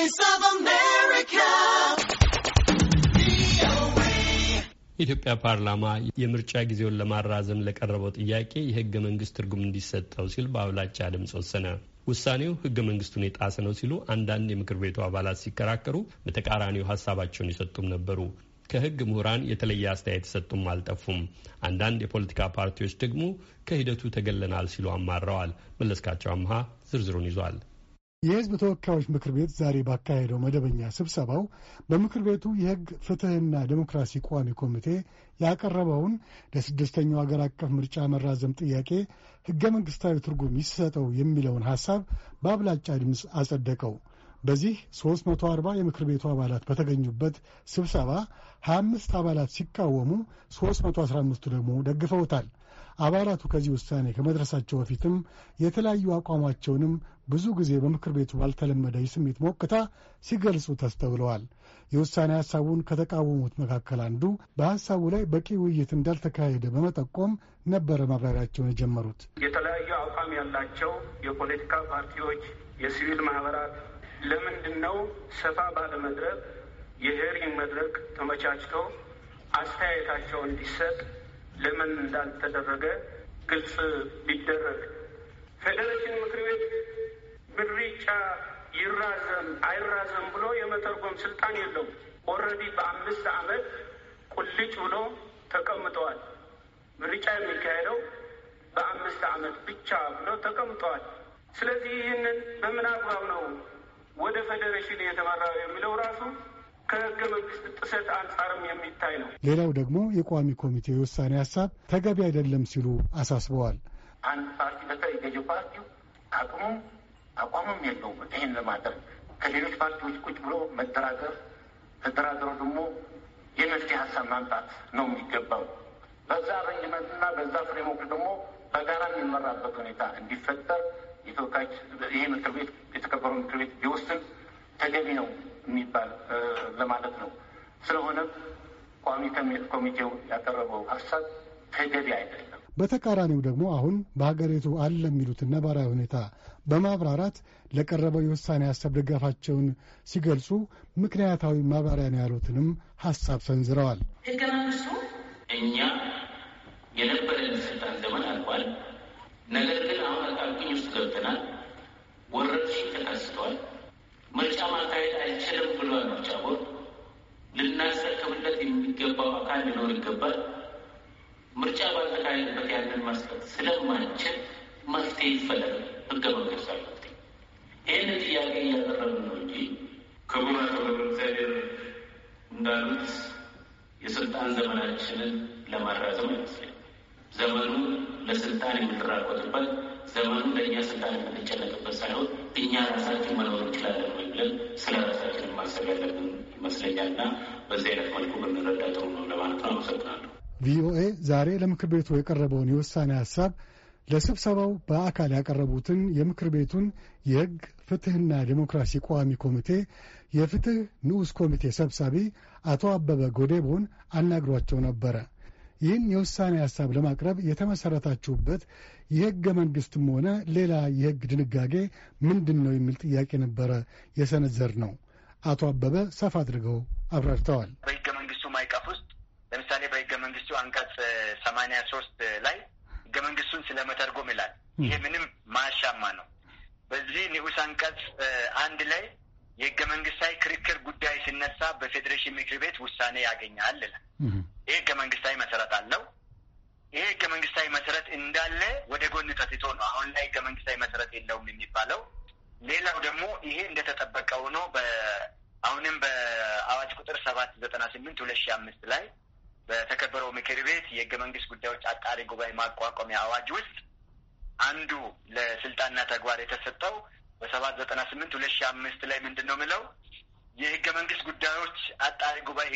Voice ፓርላማ የምርጫ ጊዜውን ለማራዘም ለቀረበው ጥያቄ የህገ መንግስት ትርጉም እንዲሰጠው ሲል በአብላጫ ድምፅ ወሰነ። ውሳኔው ህገ መንግስቱን የጣሰ ነው ሲሉ አንዳንድ የምክር ቤቱ አባላት ሲከራከሩ፣ በተቃራኒው ሀሳባቸውን ይሰጡም ነበሩ። ከህግ ምሁራን የተለየ አስተያየት የሰጡም አልጠፉም። አንዳንድ የፖለቲካ ፓርቲዎች ደግሞ ከሂደቱ ተገለናል ሲሉ አማረዋል። መለስካቸው አምሃ ዝርዝሩን ይዟል። የህዝብ ተወካዮች ምክር ቤት ዛሬ ባካሄደው መደበኛ ስብሰባው በምክር ቤቱ የህግ ፍትህና ዴሞክራሲ ቋሚ ኮሚቴ ያቀረበውን ለስድስተኛው አገር አቀፍ ምርጫ መራዘም ጥያቄ ህገ መንግስታዊ ትርጉም ይሰጠው የሚለውን ሐሳብ በአብላጫ ድምፅ አጸደቀው። በዚህ 340 የምክር ቤቱ አባላት በተገኙበት ስብሰባ 25 አባላት ሲቃወሙ 315ቱ ደግሞ ደግፈውታል። አባላቱ ከዚህ ውሳኔ ከመድረሳቸው በፊትም የተለያዩ አቋማቸውንም ብዙ ጊዜ በምክር ቤቱ ባልተለመደ የስሜት ሞቅታ ሲገልጹ ተስተውለዋል። የውሳኔ ሐሳቡን ከተቃወሙት መካከል አንዱ በሐሳቡ ላይ በቂ ውይይት እንዳልተካሄደ በመጠቆም ነበረ ማብራሪያቸውን የጀመሩት። የተለያዩ አቋም ያላቸው የፖለቲካ ፓርቲዎች፣ የሲቪል ማህበራት ለምንድን ነው ሰፋ ባለ መድረክ የሄሪንግ መድረክ ተመቻችተው አስተያየታቸው እንዲሰጥ ለምን እንዳልተደረገ ግልጽ ቢደረግ፣ ፌዴሬሽን ምክር ቤት ምርጫ ይራዘም አይራዘም ብሎ የመተርጎም ስልጣን የለውም። ኦልሬዲ በአምስት ዓመት ቁልጭ ብሎ ተቀምጠዋል። ምርጫ የሚካሄደው በአምስት ዓመት ብቻ ብሎ ተቀምጠዋል። ስለዚህ ይህንን በምን አግባብ ነው ወደ ፌዴሬሽን የተመራው የሚለው ራሱ ከህገ መንግስት ጥሰት አንጻርም የሚታይ ነው። ሌላው ደግሞ የቋሚ ኮሚቴ ውሳኔ ሀሳብ ተገቢ አይደለም ሲሉ አሳስበዋል። አንድ ፓርቲ በተለይ ገዢው ፓርቲው አቅሙም አቋምም የለውም ይህን ለማድረግ ከሌሎች ፓርቲዎች ቁጭ ብሎ መደራደር ተደራድረው ደግሞ የመፍትሄ ሀሳብ ማምጣት ነው የሚገባው። በዛ አረንጅመንትና በዛ ፍሬምወርክ ደግሞ በጋራ የሚመራበት ሁኔታ እንዲፈጠር የተወካዮች ይህ ምክር ቤት የተከበረው ምክር ቤት ቢወስን ተገቢ ነው። የሚባል ለማለት ነው። ስለሆነ ቋሚ ኮሚቴው ያቀረበው ሀሳብ ተገቢ አይደለም። በተቃራኒው ደግሞ አሁን በሀገሪቱ አለ የሚሉት ነባራዊ ሁኔታ በማብራራት ለቀረበው የውሳኔ ሀሳብ ድጋፋቸውን ሲገልጹ ምክንያታዊ ማብራሪያ ነው ያሉትንም ሀሳብ ሰንዝረዋል። ሕገ መንግስቱ እኛ የነበረን ስልጣን ዘመን አልቋል። ነገር ግን አሁን አጣብቂኝ ውስጥ ገብተናል። ወረርሽኝ ተከስተዋል። ምርጫ ማካሄድ አይችልም ብሏል። ምርጫ ቦርድ ልናስረክብለት የሚገባው አካል ሊኖር ይገባል። ምርጫ ባልተካሄድበት ያንን መስጠት ስለማንችል መፍትሄ ይፈለጋል። ህገ መንግስታዊ መፍትሄ ይህን ጥያቄ እያቀረብ ነው እንጂ ክቡር አቶ ገብረእግዚአብሔር እንዳሉት የስልጣን ዘመናችንን ለማራዘም አይመስለኝ። ዘመኑ ለስልጣን የምንራቆትበት ዘመኑ ለእኛ ስልጣን የምንጨነቅበት ሳይሆን እኛ ራሳችን መኖር እንችላለን ወይ ብለን ስለ ራሳችን ማሰብ ያለብን ይመስለኛል እና በዚህ አይነት መልኩ ብንረዳ ጥሩ ነው ለማለት ነው። አመሰግናለሁ። ቪኦኤ ዛሬ ለምክር ቤቱ የቀረበውን የውሳኔ ሀሳብ ለስብሰባው በአካል ያቀረቡትን የምክር ቤቱን የሕግ ፍትሕና ዴሞክራሲ ቋሚ ኮሚቴ የፍትሕ ንዑስ ኮሚቴ ሰብሳቢ አቶ አበበ ጎዴቦን አናግሯቸው ነበረ። ይህን የውሳኔ ሀሳብ ለማቅረብ የተመሰረታችሁበት የህገ መንግስትም ሆነ ሌላ የህግ ድንጋጌ ምንድን ነው የሚል ጥያቄ ነበረ የሰነዘር ነው። አቶ አበበ ሰፋ አድርገው አብራርተዋል። በህገ መንግስቱ ማዕቀፍ ውስጥ ለምሳሌ በህገ መንግስቱ አንቀጽ ሰማንያ ሶስት ላይ ህገ መንግስቱን ስለመተርጎም ይላል። ይሄ ምንም ማሻማ ነው። በዚህ ንዑስ አንቀጽ አንድ ላይ የሕገ መንግሥታዊ ክርክር ጉዳይ ሲነሳ በፌዴሬሽን ምክር ቤት ውሳኔ ያገኛል ይላል። ይህ ህገ መንግስታዊ መሰረት አለው። ይህ ህገ መንግስታዊ መሰረት እንዳለ ወደ ጎን ተትቶ ነው አሁን ላይ ህገ መንግስታዊ መሰረት የለውም የሚባለው። ሌላው ደግሞ ይሄ እንደተጠበቀ ሆኖ አሁንም በአዋጅ ቁጥር ሰባት ዘጠና ስምንት ሁለት ሺህ አምስት ላይ በተከበረው ምክር ቤት የህገ መንግስት ጉዳዮች አጣሪ ጉባኤ ማቋቋሚያ አዋጅ ውስጥ አንዱ ለስልጣንና ተግባር የተሰጠው በሰባት ዘጠና ስምንት ሁለት ሺህ አምስት ላይ ምንድን ነው የሚለው የህገ መንግስት ጉዳዮች አጣሪ ጉባኤ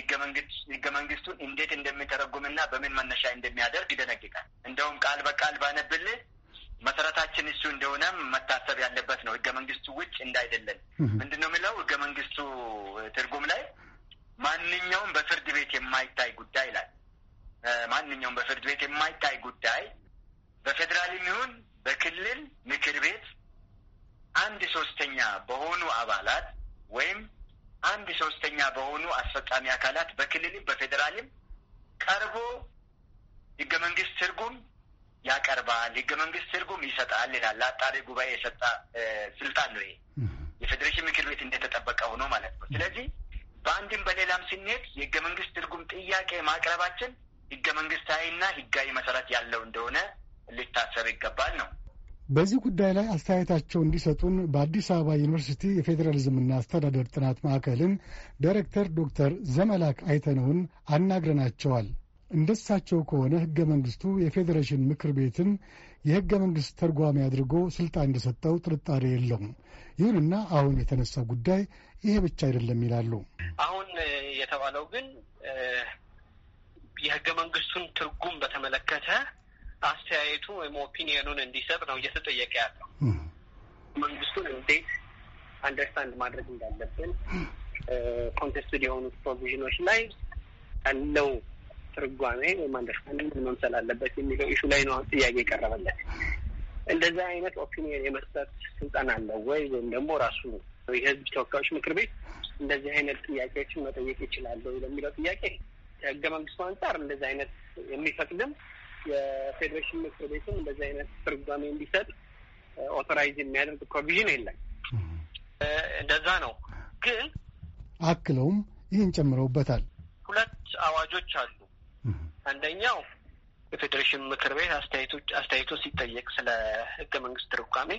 ህገ መንግስቱን እንዴት እንደሚተረጉምና በምን መነሻ እንደሚያደርግ ይደነግጋል። እንደውም ቃል በቃል ባነብል መሰረታችን እሱ እንደሆነም መታሰብ ያለበት ነው። ህገ መንግስቱ ውጭ እንዳይደለን ምንድን ነው የሚለው ህገ መንግስቱ ትርጉም ላይ ማንኛውም በፍርድ ቤት የማይታይ ጉዳይ ይላል። ማንኛውም በፍርድ ቤት የማይታይ ጉዳይ በፌዴራልም ይሁን በክልል ምክር ቤት አንድ ሶስተኛ በሆኑ አባላት ወይም አንድ ሶስተኛ በሆኑ አስፈጻሚ አካላት በክልልም በፌዴራልም ቀርቦ ህገ መንግስት ትርጉም ያቀርባል፣ ህገ መንግስት ትርጉም ይሰጣል ይላል። ለአጣሪ ጉባኤ የሰጣ ስልጣን ነው ይሄ የፌዴሬሽን ምክር ቤት እንደተጠበቀ ሆኖ ማለት ነው። ስለዚህ በአንድም በሌላም ስንሄድ የህገ መንግስት ትርጉም ጥያቄ ማቅረባችን ህገ መንግስታዊና ህጋዊ መሰረት ያለው እንደሆነ ሊታሰብ ይገባል ነው በዚህ ጉዳይ ላይ አስተያየታቸው እንዲሰጡን በአዲስ አበባ ዩኒቨርሲቲ የፌዴራሊዝምና አስተዳደር ጥናት ማዕከልን ዳይሬክተር ዶክተር ዘመላክ አይተነውን አናግረናቸዋል። እንደሳቸው ከሆነ ህገ መንግስቱ የፌዴሬሽን ምክር ቤትን የህገ መንግስት ተርጓሚ አድርጎ ስልጣን እንደሰጠው ጥርጣሬ የለውም። ይሁንና አሁን የተነሳው ጉዳይ ይሄ ብቻ አይደለም ይላሉ። አሁን የተባለው ግን የህገ መንግስቱን ትርጉም በተመለከተ አስተያየቱ ወይም ኦፒኒየኑን እንዲሰጥ ነው እየተጠየቀ ያለው። መንግስቱን እንዴት አንደርስታንድ ማድረግ እንዳለብን ኮንቴስትድ የሆኑት ፕሮቪዥኖች ላይ ያለው ትርጓሜ ወይም አንደርስታንድ መምሰል አለበት የሚለው ኢሹ ላይ ነው ጥያቄ የቀረበለት። እንደዚህ አይነት ኦፒኒየን የመስጠት ስልጣን አለው ወይ? ወይም ደግሞ ራሱ የህዝብ ተወካዮች ምክር ቤት እንደዚህ አይነት ጥያቄዎችን መጠየቅ ይችላል ወይ ለሚለው ጥያቄ ከህገ መንግስቱ አንጻር እንደዚህ አይነት የሚፈቅድም የፌዴሬሽን ምክር ቤትም እንደዚህ አይነት ትርጓሜ እንዲሰጥ ኦቶራይዝ የሚያደርግ ፕሮቪዥን የለም። እንደዛ ነው ግን አክለውም ይህን ጨምረውበታል። ሁለት አዋጆች አሉ። አንደኛው የፌዴሬሽን ምክር ቤት አስተያየቶች አስተያየቶ ሲጠየቅ ስለ ህገ መንግስት ትርጓሜ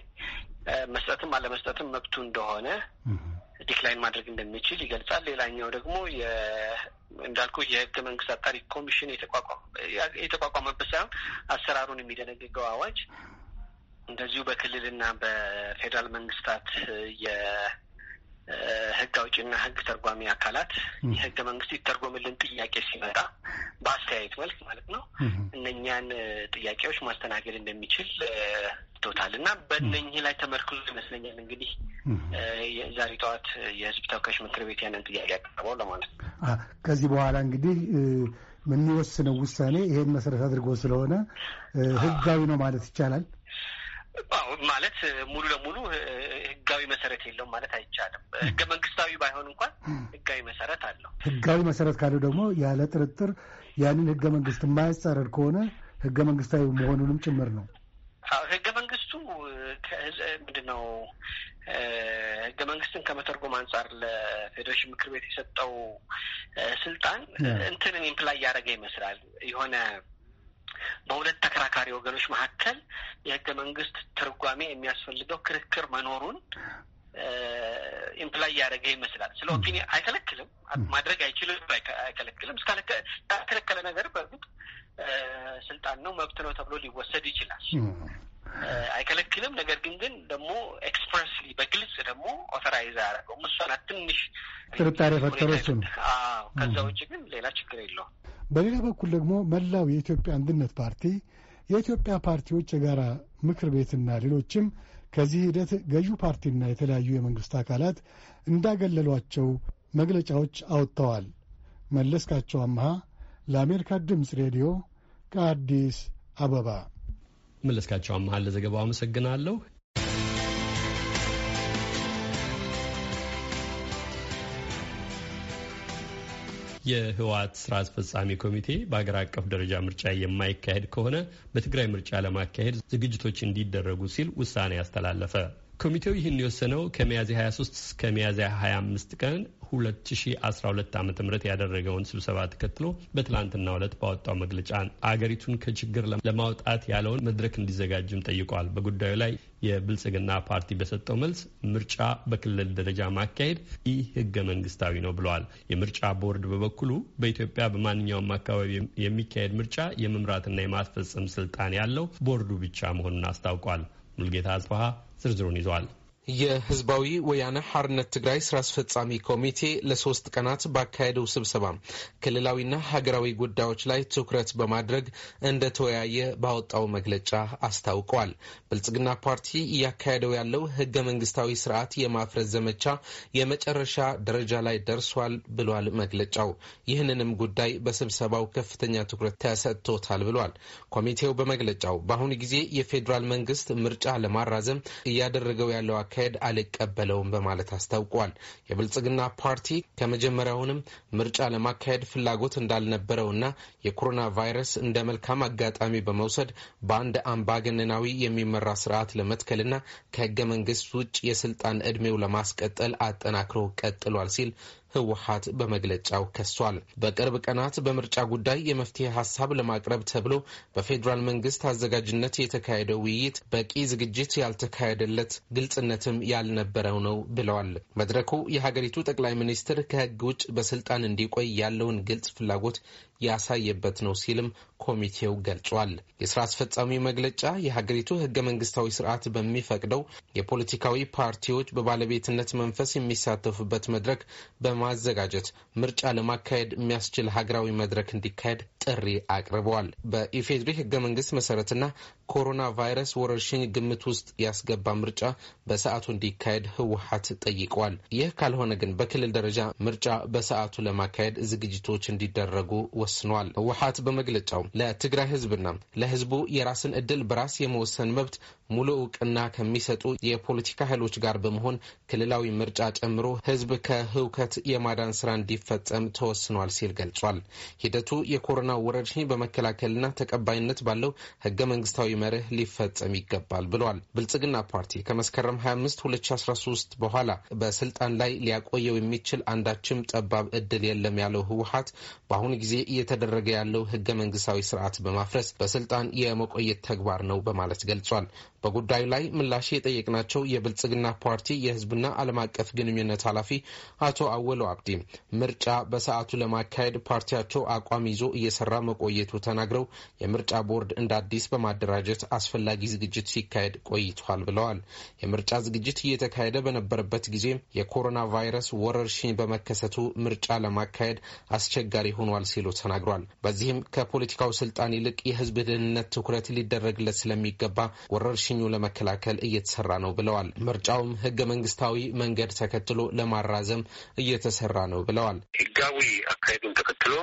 መስጠትም አለመስጠትም መብቱ እንደሆነ ዲክላይን ማድረግ እንደሚችል ይገልጻል። ሌላኛው ደግሞ እንዳልኩ የህገ መንግስት አጣሪ ኮሚሽን የተቋቋመበት ሳይሆን አሰራሩን የሚደነግገው አዋጅ እንደዚሁ በክልልና በፌዴራል መንግስታት ህግ አውጪና ህግ ተርጓሚ አካላት የህገ መንግስቱ ይተርጎምልን ጥያቄ ሲመጣ በአስተያየት መልክ ማለት ነው እነኛን ጥያቄዎች ማስተናገድ እንደሚችል ቶታል እና በእነኚህ ላይ ተመርክዞ ይመስለኛል እንግዲህ የዛሬ ጠዋት የህዝብ ተወካዮች ምክር ቤት ያንን ጥያቄ ያቀረበው ለማለት ነው። ከዚህ በኋላ እንግዲህ የምንወስነው ውሳኔ ይሄን መሰረት አድርጎ ስለሆነ ህጋዊ ነው ማለት ይቻላል። ማለት ሙሉ ለሙሉ ህጋዊ መሰረት የለውም ማለት አይቻልም። ህገ መንግስታዊ ባይሆን እንኳን ህጋዊ መሰረት አለው። ህጋዊ መሰረት ካለው ደግሞ ያለ ጥርጥር ያንን ህገ መንግስት የማያጻረር ከሆነ ህገ መንግስታዊ መሆኑንም ጭምር ነው። ህገ መንግስቱ ምንድነው? ህገ መንግስትን ከመተርጎም አንጻር ለፌዴሬሽን ምክር ቤት የሰጠው ስልጣን እንትንን ኢምፕላይ ያደረገ ይመስላል የሆነ በሁለት ተከራካሪ ወገኖች መካከል የህገ መንግስት ትርጓሜ የሚያስፈልገው ክርክር መኖሩን ኢምፕላይ ያደረገ ይመስላል። ስለ ኦፒኒ አይከለክልም፣ ማድረግ አይችልም፣ አይከለክልም። እስካልከለከለ ነገር በእርግጥ ስልጣን ነው መብት ነው ተብሎ ሊወሰድ ይችላል። አይከለክልም። ነገር ግን ግን ደግሞ ኤክስፕረስሊ በግልጽ ደግሞ ኦተራይዝ አያደረገው እሷ ትንሽ ጥርጣሬ ፈጠረች ከዛ ውጭ ግን ሌላ ችግር የለውም። በሌላ በኩል ደግሞ መላው የኢትዮጵያ አንድነት ፓርቲ፣ የኢትዮጵያ ፓርቲዎች የጋራ ምክር ቤትና ሌሎችም ከዚህ ሂደት ገዢው ፓርቲና የተለያዩ የመንግሥት አካላት እንዳገለሏቸው መግለጫዎች አውጥተዋል። መለስካቸው አምሃ ለአሜሪካ ድምፅ ሬዲዮ ከአዲስ አበባ መለስካቸው አመሃል ለዘገባው አመሰግናለሁ። የህወሓት ስራ አስፈጻሚ ኮሚቴ በሀገር አቀፍ ደረጃ ምርጫ የማይካሄድ ከሆነ በትግራይ ምርጫ ለማካሄድ ዝግጅቶች እንዲደረጉ ሲል ውሳኔ አስተላለፈ። ኮሚቴው ይህን የወሰነው ከሚያዝያ 23 እስከ ሚያዝያ 25 ቀን 2012 ዓ ም ያደረገውን ስብሰባ ተከትሎ በትላንትና ዕለት ባወጣው መግለጫ አገሪቱን ከችግር ለማውጣት ያለውን መድረክ እንዲዘጋጅም ጠይቋል። በጉዳዩ ላይ የብልጽግና ፓርቲ በሰጠው መልስ ምርጫ በክልል ደረጃ ማካሄድ ይህ ህገ መንግስታዊ ነው ብለዋል። የምርጫ ቦርድ በበኩሉ በኢትዮጵያ በማንኛውም አካባቢ የሚካሄድ ምርጫ የመምራትና የማስፈጸም ስልጣን ያለው ቦርዱ ብቻ መሆኑን አስታውቋል። ሙልጌታ አጽበሃ ዝርዝሩን ይዟል። የህዝባዊ ወያነ ሐርነት ትግራይ ስራ አስፈጻሚ ኮሚቴ ለሶስት ቀናት ባካሄደው ስብሰባ ክልላዊና ሀገራዊ ጉዳዮች ላይ ትኩረት በማድረግ እንደተወያየ ባወጣው መግለጫ አስታውቀዋል። ብልጽግና ፓርቲ እያካሄደው ያለው ህገ መንግስታዊ ስርዓት የማፍረስ ዘመቻ የመጨረሻ ደረጃ ላይ ደርሷል ብሏል መግለጫው። ይህንንም ጉዳይ በስብሰባው ከፍተኛ ትኩረት ተሰጥቶታል ብሏል። ኮሚቴው በመግለጫው በአሁኑ ጊዜ የፌዴራል መንግስት ምርጫ ለማራዘም እያደረገው ያለው ማካሄድ አልቀበለውም በማለት አስታውቋል። የብልጽግና ፓርቲ ከመጀመሪያውንም ምርጫ ለማካሄድ ፍላጎት እንዳልነበረውና የኮሮና ቫይረስ እንደ መልካም አጋጣሚ በመውሰድ በአንድ አምባገነናዊ የሚመራ ስርዓት ለመትከልና ከህገ መንግስት ውጭ የስልጣን እድሜው ለማስቀጠል አጠናክሮ ቀጥሏል ሲል ህወሀት በመግለጫው ከሷል። በቅርብ ቀናት በምርጫ ጉዳይ የመፍትሄ ሀሳብ ለማቅረብ ተብሎ በፌዴራል መንግስት አዘጋጅነት የተካሄደው ውይይት በቂ ዝግጅት ያልተካሄደለት፣ ግልጽነትም ያልነበረው ነው ብለዋል። መድረኩ የሀገሪቱ ጠቅላይ ሚኒስትር ከህግ ውጭ በስልጣን እንዲቆይ ያለውን ግልጽ ፍላጎት ያሳየበት ነው ሲልም ኮሚቴው ገልጿል። የስራ አስፈጻሚ መግለጫ የሀገሪቱ ህገ መንግስታዊ ስርዓት በሚፈቅደው የፖለቲካዊ ፓርቲዎች በባለቤትነት መንፈስ የሚሳተፉበት መድረክ በማዘጋጀት ምርጫ ለማካሄድ የሚያስችል ሀገራዊ መድረክ እንዲካሄድ ጥሪ አቅርበዋል። በኢፌዴሪ ህገ መንግስት መሰረትና ኮሮና ቫይረስ ወረርሽኝ ግምት ውስጥ ያስገባ ምርጫ በሰዓቱ እንዲካሄድ ህወሀት ጠይቋል። ይህ ካልሆነ ግን በክልል ደረጃ ምርጫ በሰዓቱ ለማካሄድ ዝግጅቶች እንዲደረጉ ወስኗል። ህወሀት በመግለጫው ለትግራይ ህዝብና ለህዝቡ የራስን እድል በራስ የመወሰን መብት ሙሉ እውቅና ከሚሰጡ የፖለቲካ ኃይሎች ጋር በመሆን ክልላዊ ምርጫ ጨምሮ ህዝብ ከህውከት የማዳን ስራ እንዲፈጸም ተወስኗል ሲል ገልጿል። ሂደቱ የኮሮና ወረርሽኝ በመከላከልና ተቀባይነት ባለው ህገ መንግስታዊ መርህ ሊፈጸም ይገባል ብለዋል። ብልጽግና ፓርቲ ከመስከረም 25 2013 በኋላ በስልጣን ላይ ሊያቆየው የሚችል አንዳችም ጠባብ እድል የለም ያለው ህወሀት በአሁኑ ጊዜ እየተደረገ ያለው ህገ መንግስታዊ ስርዓት በማፍረስ በስልጣን የመቆየት ተግባር ነው በማለት ገልጿል። በጉዳዩ ላይ ምላሽ የጠየቅናቸው የብልጽግና ፓርቲ የህዝብና ዓለም አቀፍ ግንኙነት ኃላፊ አቶ አወሎ አብዲ ምርጫ በሰዓቱ ለማካሄድ ፓርቲያቸው አቋም ይዞ እየሰራ መቆየቱ ተናግረው የምርጫ ቦርድ እንደ አዲስ በማደራጀት አስፈላጊ ዝግጅት ሲካሄድ ቆይቷል ብለዋል። የምርጫ ዝግጅት እየተካሄደ በነበረበት ጊዜ የኮሮና ቫይረስ ወረርሽኝ በመከሰቱ ምርጫ ለማካሄድ አስቸጋሪ ሆኗል ሲሉ ተናግሯል። በዚህም ከፖለቲካው ስልጣን ይልቅ የህዝብ ደህንነት ትኩረት ሊደረግለት ስለሚገባ ወረርሽኝ ወረርሽኙ ለመከላከል እየተሰራ ነው ብለዋል። ምርጫውም ህገ መንግስታዊ መንገድ ተከትሎ ለማራዘም እየተሰራ ነው ብለዋል። ህጋዊ አካሄዱን ተከትሎ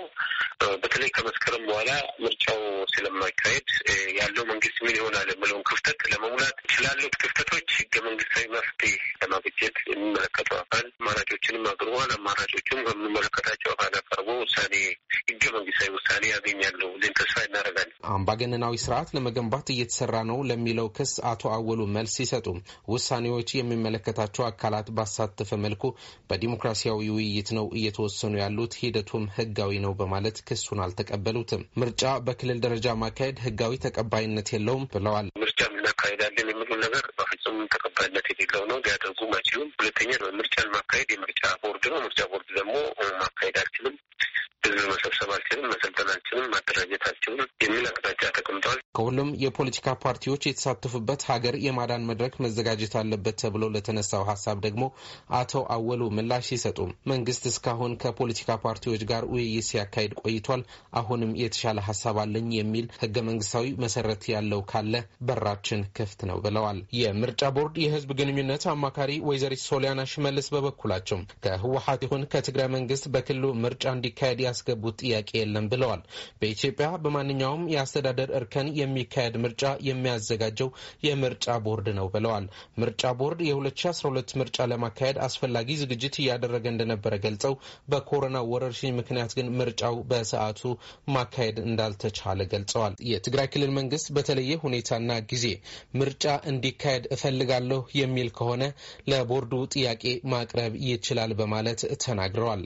በተለይ ከመስከረም በኋላ ምርጫው ስለማካሄድ ያለው መንግስት ምን ይሆናል የምለውን ክፍተት ለመሙላት ስላሉት ክፍተቶች ህገ መንግስታዊ መፍትሄ ለማበጀት የሚመለከተው አካል አማራጮችንም አቅርቧል። አማራጮችም ከሚመለከታቸው አካል አቀርቦ ውሳኔ ህገ መንግስታዊ ውሳኔ ያገኛሉ ብለን ተስፋ እናደርጋለን። አምባገነናዊ ስርዓት ለመገንባት እየተሰራ ነው ለሚለው ክስ አቶ አወሉ መልስ ሲሰጡ ውሳኔዎች የሚመለከታቸው አካላት ባሳተፈ መልኩ በዲሞክራሲያዊ ውይይት ነው እየተወሰኑ ያሉት ሂደቱም ህጋዊ ነው በማለት ክሱን አልተቀበሉትም። ምርጫ በክልል ደረጃ ማካሄድ ህጋዊ ተቀባይነት የለውም ብለዋል። ምርጫ እናካሄዳለን የሚሉን ነገር በፍጹም ተቀባይነት የሌለው ነው። ሊያደርጉ አይችሉም። ሁለተኛ ምርጫን ማካሄድ የምርጫ ቦርድ ነው። ምርጫ ቦርድ ደግሞ ማካሄድ አልችልም ህዝብ መሰብሰባችንን፣ መሰልጠናችንን፣ ማደራጀታችንን የሚል አቅጣጫ ተቀምጠዋል። ከሁሉም የፖለቲካ ፓርቲዎች የተሳተፉበት ሀገር የማዳን መድረክ መዘጋጀት አለበት ተብሎ ለተነሳው ሀሳብ ደግሞ አቶ አወሉ ምላሽ ሲሰጡም መንግስት እስካሁን ከፖለቲካ ፓርቲዎች ጋር ውይይት ሲያካሂድ ቆይቷል። አሁንም የተሻለ ሀሳብ አለኝ የሚል ህገ መንግስታዊ መሰረት ያለው ካለ በራችን ክፍት ነው ብለዋል። የምርጫ ቦርድ የህዝብ ግንኙነት አማካሪ ወይዘሪት ሶሊያና ሽመልስ በበኩላቸው ከህወሀት ይሁን ከትግራይ መንግስት በክልሉ ምርጫ እንዲካሄድ ያስገቡት ጥያቄ የለም ብለዋል። በኢትዮጵያ በማንኛውም የአስተዳደር እርከን የሚካሄድ ምርጫ የሚያዘጋጀው የምርጫ ቦርድ ነው ብለዋል። ምርጫ ቦርድ የ2012 ምርጫ ለማካሄድ አስፈላጊ ዝግጅት እያደረገ እንደነበረ ገልጸው በኮሮና ወረርሽኝ ምክንያት ግን ምርጫው በሰዓቱ ማካሄድ እንዳልተቻለ ገልጸዋል። የትግራይ ክልል መንግስት በተለየ ሁኔታና ጊዜ ምርጫ እንዲካሄድ እፈልጋለሁ የሚል ከሆነ ለቦርዱ ጥያቄ ማቅረብ ይችላል በማለት ተናግረዋል።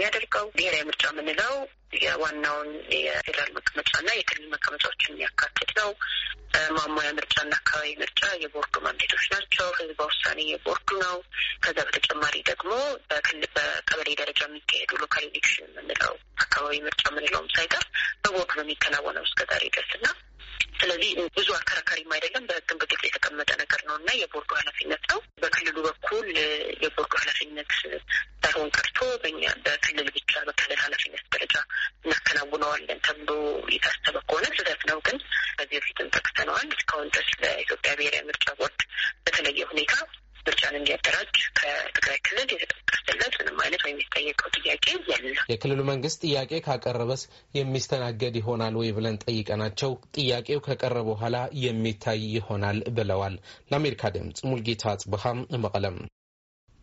የሚያደርገው ብሔራዊ ምርጫ የምንለው የዋናውን የፌዴራል መቀመጫና የክልል መቀመጫዎችን የሚያካትት ነው። ማሟያ ምርጫና አካባቢ ምርጫ የቦርዱ ማንዴቶች ናቸው። ህዝበ ውሳኔ የቦርዱ ነው። ከዛ በተጨማሪ ደግሞ በቀበሌ ደረጃ የሚካሄዱ ሎካል ኢሌክሽን የምንለው አካባቢ ምርጫ የምንለውም ሳይቀር በቦርዱ ነው የሚከናወነው እስከዛሬ ድረስ እና ስለዚህ ብዙ አከራካሪም አይደለም። በህግም በግልጽ የተቀመጠ ነገር ነው እና የቦርዱ ኃላፊነት ነው። በክልሉ በኩል የቦርዱ ኃላፊነት ሳይሆን ቀርቶ በእኛ በክልል ብቻ በክልል ኃላፊነት ደረጃ እናከናውነዋለን ተብሎ የታሰበ ከሆነ የክልሉ መንግስት ጥያቄ ካቀረበስ የሚስተናገድ ይሆናል ወይ ብለን ጠይቀናቸው ጥያቄው ከቀረበ በኋላ የሚታይ ይሆናል ብለዋል። ለአሜሪካ ድምጽ ሙልጌታ ጽብሃም መቀለም።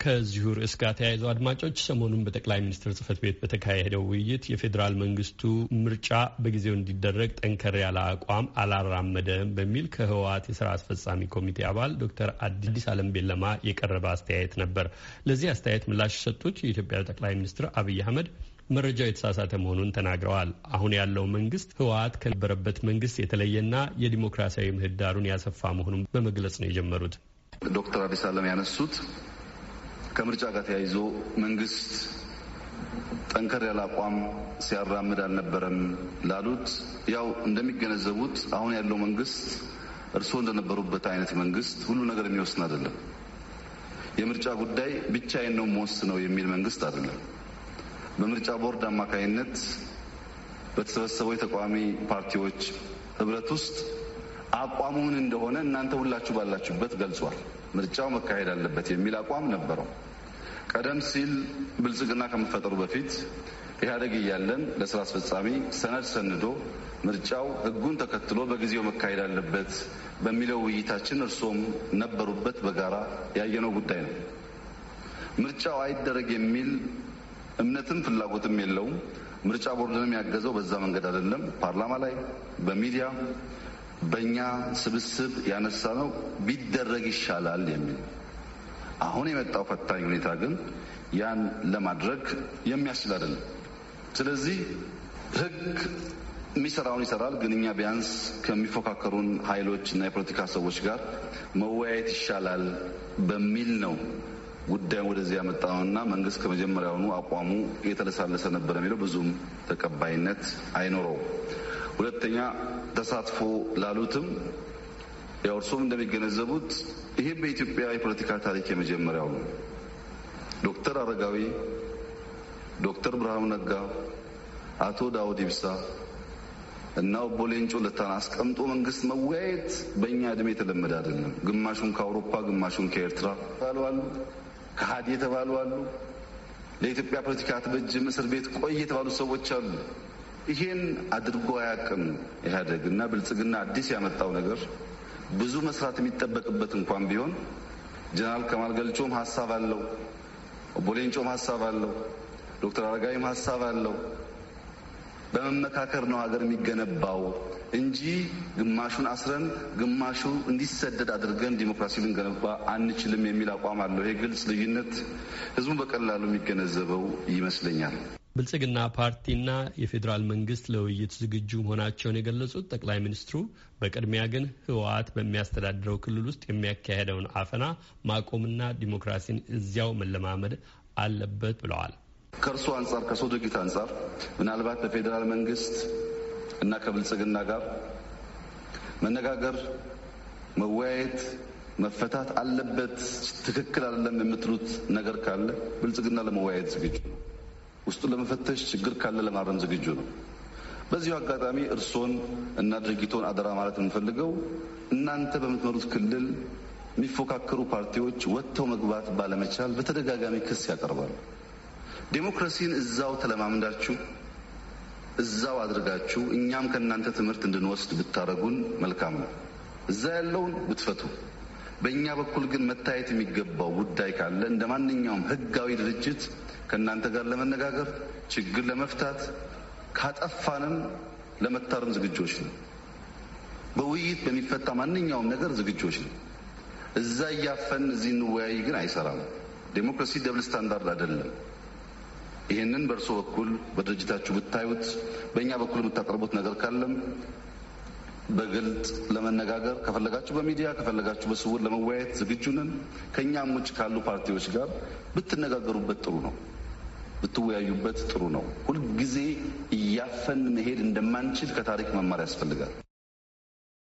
ከዚሁ ርዕስ ጋር ተያይዘ አድማጮች ሰሞኑን በጠቅላይ ሚኒስትር ጽህፈት ቤት በተካሄደው ውይይት የፌዴራል መንግስቱ ምርጫ በጊዜው እንዲደረግ ጠንከር ያለ አቋም አላራመደም በሚል ከህወሓት የስራ አስፈጻሚ ኮሚቴ አባል ዶክተር አዲስ አለም ቤለማ የቀረበ አስተያየት ነበር። ለዚህ አስተያየት ምላሽ የሰጡት የኢትዮጵያ ጠቅላይ ሚኒስትር አብይ አህመድ መረጃው የተሳሳተ መሆኑን ተናግረዋል። አሁን ያለው መንግስት ህወሓት ከነበረበት መንግስት የተለየና የዲሞክራሲያዊ ምህዳሩን ያሰፋ መሆኑን በመግለጽ ነው የጀመሩት። ዶክተር አብይ ዓለም ያነሱት ከምርጫ ጋር ተያይዞ መንግስት ጠንከር ያለ አቋም ሲያራምድ አልነበረም ላሉት ያው እንደሚገነዘቡት አሁን ያለው መንግስት እርስዎ እንደነበሩበት አይነት መንግስት ሁሉ ነገር የሚወስን አይደለም። የምርጫ ጉዳይ ብቻዬን ነው መወስነው የሚል መንግስት አይደለም። በምርጫ ቦርድ አማካኝነት በተሰበሰበው የተቃዋሚ ፓርቲዎች ህብረት ውስጥ አቋሙን እንደሆነ እናንተ ሁላችሁ ባላችሁበት ገልጿል። ምርጫው መካሄድ አለበት የሚል አቋም ነበረው። ቀደም ሲል ብልጽግና ከመፈጠሩ በፊት ኢህአደግ እያለን ለስራ አስፈጻሚ ሰነድ ሰንዶ ምርጫው ህጉን ተከትሎ በጊዜው መካሄድ አለበት በሚለው ውይይታችን እርሶም ነበሩበት፣ በጋራ ያየነው ጉዳይ ነው። ምርጫው አይደረግ የሚል እምነትም ፍላጎትም የለውም። ምርጫ ቦርድንም ያገዘው በዛ መንገድ አይደለም። ፓርላማ ላይ በሚዲያ በእኛ ስብስብ ያነሳ ነው ቢደረግ ይሻላል የሚል አሁን የመጣው ፈታኝ ሁኔታ ግን ያን ለማድረግ የሚያስችል አይደለም። ስለዚህ ህግ የሚሰራውን ይሰራል። ግን እኛ ቢያንስ ከሚፎካከሩን ኃይሎች እና የፖለቲካ ሰዎች ጋር መወያየት ይሻላል በሚል ነው ጉዳዩን ወደዚህ ያመጣነውና መንግስት ከመጀመሪያውኑ አቋሙ የተለሳለሰ ነበር የሚለው ብዙም ተቀባይነት አይኖረውም። ሁለተኛ ተሳትፎ ላሉትም ያው እርስዎም እንደሚገነዘቡት ይህም በኢትዮጵያ የፖለቲካ ታሪክ የመጀመሪያው ነው። ዶክተር አረጋዊ፣ ዶክተር ብርሃኑ ነጋ፣ አቶ ዳውድ ኢብሳ እና ኦቦ ሌንጮ ለታን አስቀምጦ መንግስት መወያየት በእኛ እድሜ የተለመደ አይደለም። ግማሹን ከአውሮፓ ግማሹን ከኤርትራ ባለዋል ከሀዲ የተባሉ አሉ። ለኢትዮጵያ ፖለቲካ አትበጅም እስር ቤት ቆይ የተባሉ ሰዎች አሉ። ይህን አድርጎ አያውቅም ኢህአደግ እና ብልጽግና አዲስ ያመጣው ነገር ብዙ መስራት የሚጠበቅበት እንኳን ቢሆን ጀነራል ከማል ገልጮም ሀሳብ አለው፣ ቦሌንጮም ሀሳብ አለው፣ ዶክተር አረጋዊም ሀሳብ አለው። በመመካከር ነው ሀገር የሚገነባው እንጂ ግማሹን አስረን ግማሹ እንዲሰደድ አድርገን ዲሞክራሲ ልንገነባ አንችልም የሚል አቋም አለው። ይሄ ግልጽ ልዩነት ህዝቡን በቀላሉ የሚገነዘበው ይመስለኛል። ብልጽግና ፓርቲና የፌዴራል መንግስት ለውይይት ዝግጁ መሆናቸውን የገለጹት ጠቅላይ ሚኒስትሩ በቅድሚያ ግን ህወሓት በሚያስተዳድረው ክልል ውስጥ የሚያካሄደውን አፈና ማቆምና ዲሞክራሲን እዚያው መለማመድ አለበት ብለዋል። ከእርሱ አንጻር ከሰው ድርጊት አንጻር ምናልባት በፌዴራል መንግስት እና ከብልጽግና ጋር መነጋገር፣ መወያየት፣ መፈታት አለበት ትክክል አይደለም የምትሉት ነገር ካለ ብልጽግና ለመወያየት ዝግጁ ነው። ውስጡ ለመፈተሽ ችግር ካለ ለማረም ዝግጁ ነው። በዚሁ አጋጣሚ እርሶን እና ድርጊቶን አደራ ማለት የምፈልገው እናንተ በምትመሩት ክልል የሚፎካከሩ ፓርቲዎች ወጥተው መግባት ባለመቻል በተደጋጋሚ ክስ ያቀርባሉ። ዴሞክራሲን እዛው ተለማምዳችሁ እዛው አድርጋችሁ እኛም ከእናንተ ትምህርት እንድንወስድ ብታደረጉን መልካም ነው። እዛ ያለውን ብትፈቱ። በእኛ በኩል ግን መታየት የሚገባው ጉዳይ ካለ እንደ ማንኛውም ህጋዊ ድርጅት ከእናንተ ጋር ለመነጋገር ችግር ለመፍታት ካጠፋንም ለመታረም ዝግጆች ነው። በውይይት በሚፈታ ማንኛውም ነገር ዝግጆች ነው። እዛ እያፈን እዚህ እንወያይ ግን አይሰራም። ዴሞክራሲ ደብል ስታንዳርድ አይደለም። ይህንን በእርስ በኩል በድርጅታችሁ ብታዩት፣ በእኛ በኩል የምታቀርቡት ነገር ካለም በግልጽ ለመነጋገር ከፈለጋችሁ በሚዲያ ከፈለጋችሁ በስውር ለመወያየት ዝግጁ ነን። ከእኛም ውጭ ካሉ ፓርቲዎች ጋር ብትነጋገሩበት ጥሩ ነው፣ ብትወያዩበት ጥሩ ነው። ሁልጊዜ እያፈን መሄድ እንደማንችል ከታሪክ መማር ያስፈልጋል።